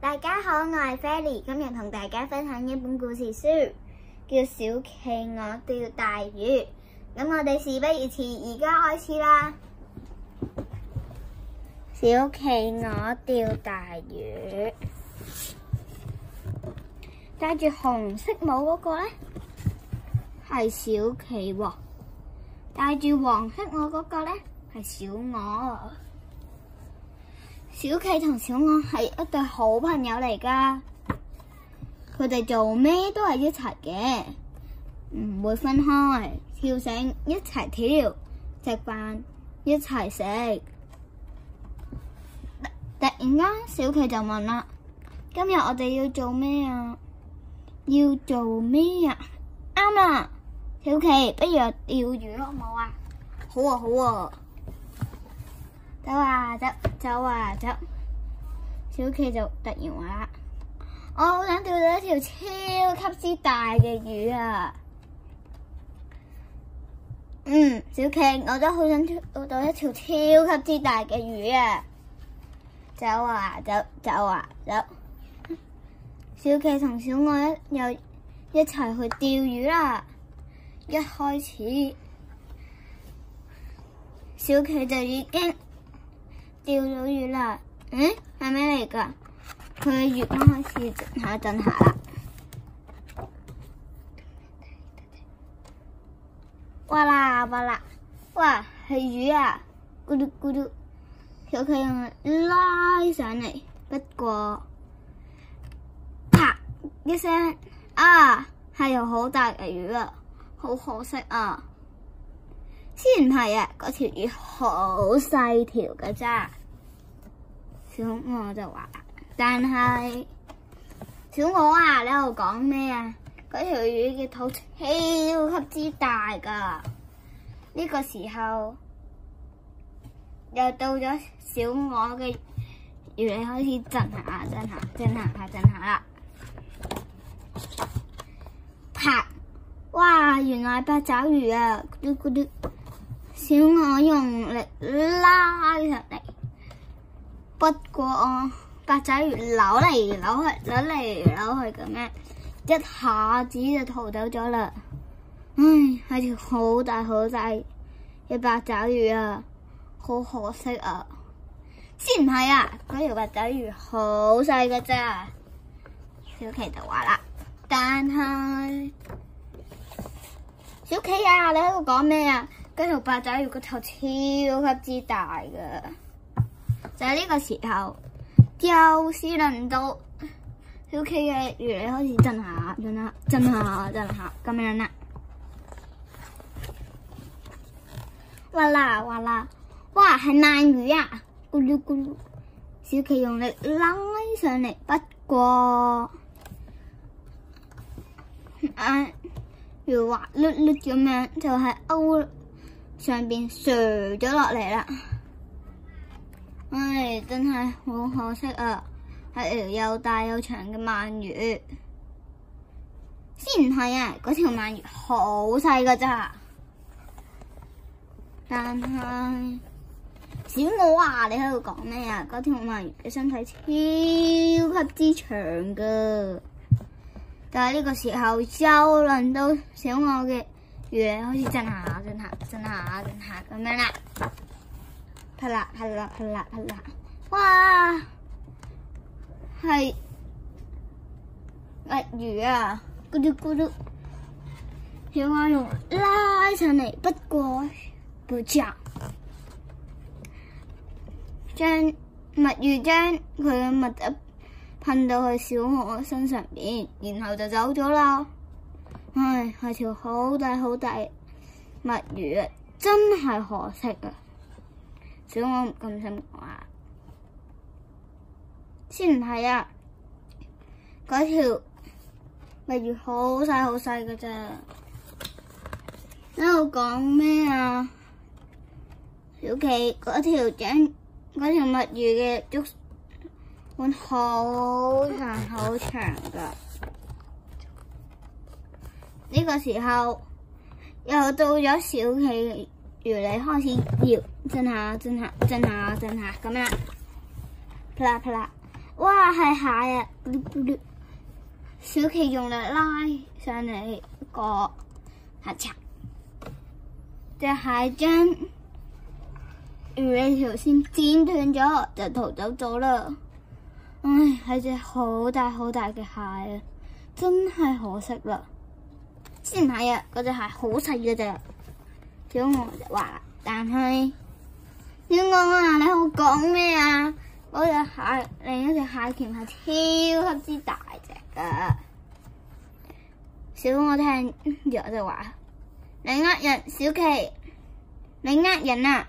大家好，我係 Fairy，今日同大家分享一本故事書，叫《小企鵝釣大魚》。咁我哋事不宜遲，而家開始啦。小企鵝釣大魚，戴住紅色帽嗰個咧係小企鵝，戴住黃色帽嗰個咧係小鵝。小琪同小昂係一對好朋友嚟噶，佢哋做咩都係一齊嘅，唔會分開跳繩一齊跳，食飯一齊食。突突然間，小琪就問啦：今日我哋要做咩啊？要做咩啊？啱啦，小琪，不如釣魚咯，冇啊！好啊，好啊，走啊，走！.走啊走！小企就突然話：我好想釣到一條超級之大嘅魚啊！嗯，小企，我都好想釣到一條超級之大嘅魚啊！走啊走，走啊走！小企同小愛又一齊去釣魚啦！一開始，小企就已經。釣到魚啦！嗯，係咩嚟噶？佢魚剛開始震下震下啦，哇啦哇啦，哇係魚啊！咕嘟咕嘟，叫佢用來拉上嚟。不過啪一聲啊，係有好大嘅魚啊，好可惜啊！先唔係啊，嗰條魚好細條嘅咋，小鵝就話，但係小鵝啊，你又講咩啊？嗰條魚嘅肚超級之大噶。呢、這個時候又到咗小鵝嘅魚，開始震下啊，震下，震下啊，震下啦！啪！哇，原來八爪魚啊！咕嘟咕嘟。小可用力拉出嚟，不過八爪魚扭嚟扭去扭嚟扭去咁樣，一下子就逃走咗啦。唉，係條好大好大嘅八爪魚啊，好可惜啊！先唔係啊，嗰條八爪魚好細噶啫。小琪就話啦，但係，小琪啊，你喺度講咩啊？跟住八爪魚個頭超級之大噶，就係、是、呢個時候，又是輪到小奇嘅魚，開始震下震下震下震下咁樣啦。嘩啦嘩啦，哇係鰻魚啊！咕嚕咕嚕，小奇用力拉上嚟，不過啊魚滑碌碌咁樣，就係勾。上邊垂咗落嚟啦，唉、哎，真係好可惜啊！係條又大又長嘅鰻魚。先唔係啊，嗰條鰻魚好細噶咋？但係小我啊，你喺度講咩啊？嗰條鰻魚嘅身體超級之長噶，但係呢個時候又輪到小我嘅。魚，我哋纏下，纏下，纏下，纏下，咁樣啦。啪啦，啪啦，啪啦，啪啦。哇，係墨魚啊，咕嚕咕嚕。小貓用拉上嚟，不過不着。將墨魚將佢嘅墨汁噴到去小貓身上面，然後就走咗啦。唉，係條好大好大墨魚，真係可惜啊！所以我唔咁想話。先唔係啊，嗰條墨魚好細好細噶咋？你講咩啊？小奇，嗰條整嗰條墨魚嘅觸腕好長好長噶。呢個時候又到咗小企鵝，魚你開始搖震下震下震下震下咁啦，啪啦啪啦，哇係蟹啊！嘟嘟小企鵝用力拉上嚟個吓，隻蟹、啊、將魚你條線剪斷咗，就逃走咗啦。唉、哎，係隻好大好大嘅蟹啊，真係可惜啦。先唔係啊，嗰隻蟹好細嘅咋？小鵝就話，但係小鵝啊，你好講咩啊？我隻蟹，另一隻蟹鉗係超級之大隻嘅。小鵝聽弱就話，你呃人，小企，你呃人啊？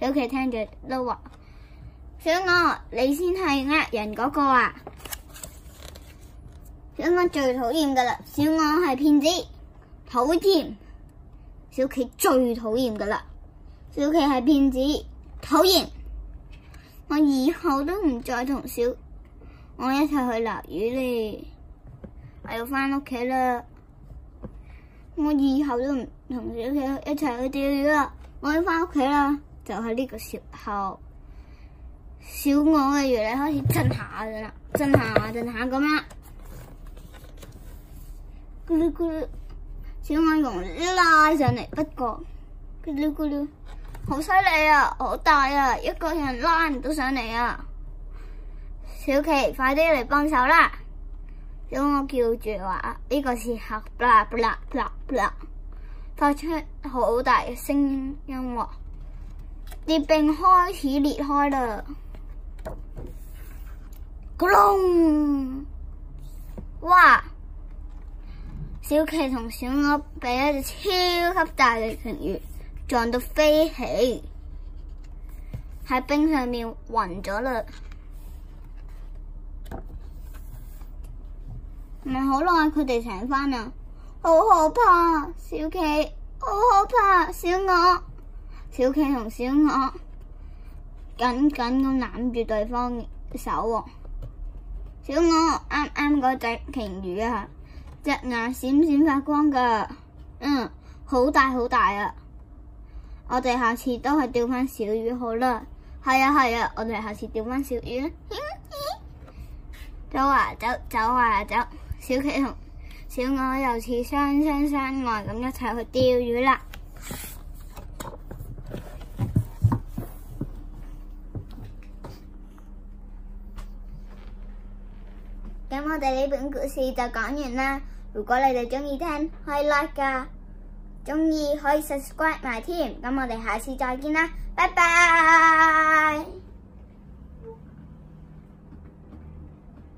小企聽住都話，小鵝你先係呃人嗰個啊！小鵝最討厭噶啦，小鵝係騙子。討厭，小企最討厭噶啦！小企係騙子，討厭！我以後都唔再同小我一齊去落雨咧，我要翻屋企啦！我以後都唔同小企一齊去釣魚啦，我要翻屋企啦！就喺呢個時候，小我嘅原力開始震下噶啦，震下震下咁啦，咕嚕咕嚕。小恐龍拉上嚟，不過咕嚕咕嚕，好犀利啊，好大啊，一個人拉唔到上嚟啊！小琪，快啲嚟幫手啦！小我叫住話呢個時候，卜卜卜卜，發出好大嘅聲音，音樂，話啲冰開始裂開啦！咕隆，哇！小企同小鵝被一隻超級大嘅鯨魚撞到飛起，喺冰上面暈咗啦。唔係好耐，佢哋醒返啦。好可怕，小企，好可怕，小鵝，小企同小鵝緊緊咁攬住對方嘅手喎。小鵝，啱啱嗰隻鯨魚啊！隻眼閃閃發光㗎，嗯，好大好大啊！我哋下次都去釣翻小魚好啦。係啊係啊，我哋下次釣翻小魚。走啊走走啊走，小企鵝、小鵝又似相親相愛咁一齊去釣魚啦。咁我哋呢本故事就講完啦。如果你哋中意聽，可以 like 啊，中意可以 subscribe 埋、啊、添。咁我哋下次再見啦，拜拜。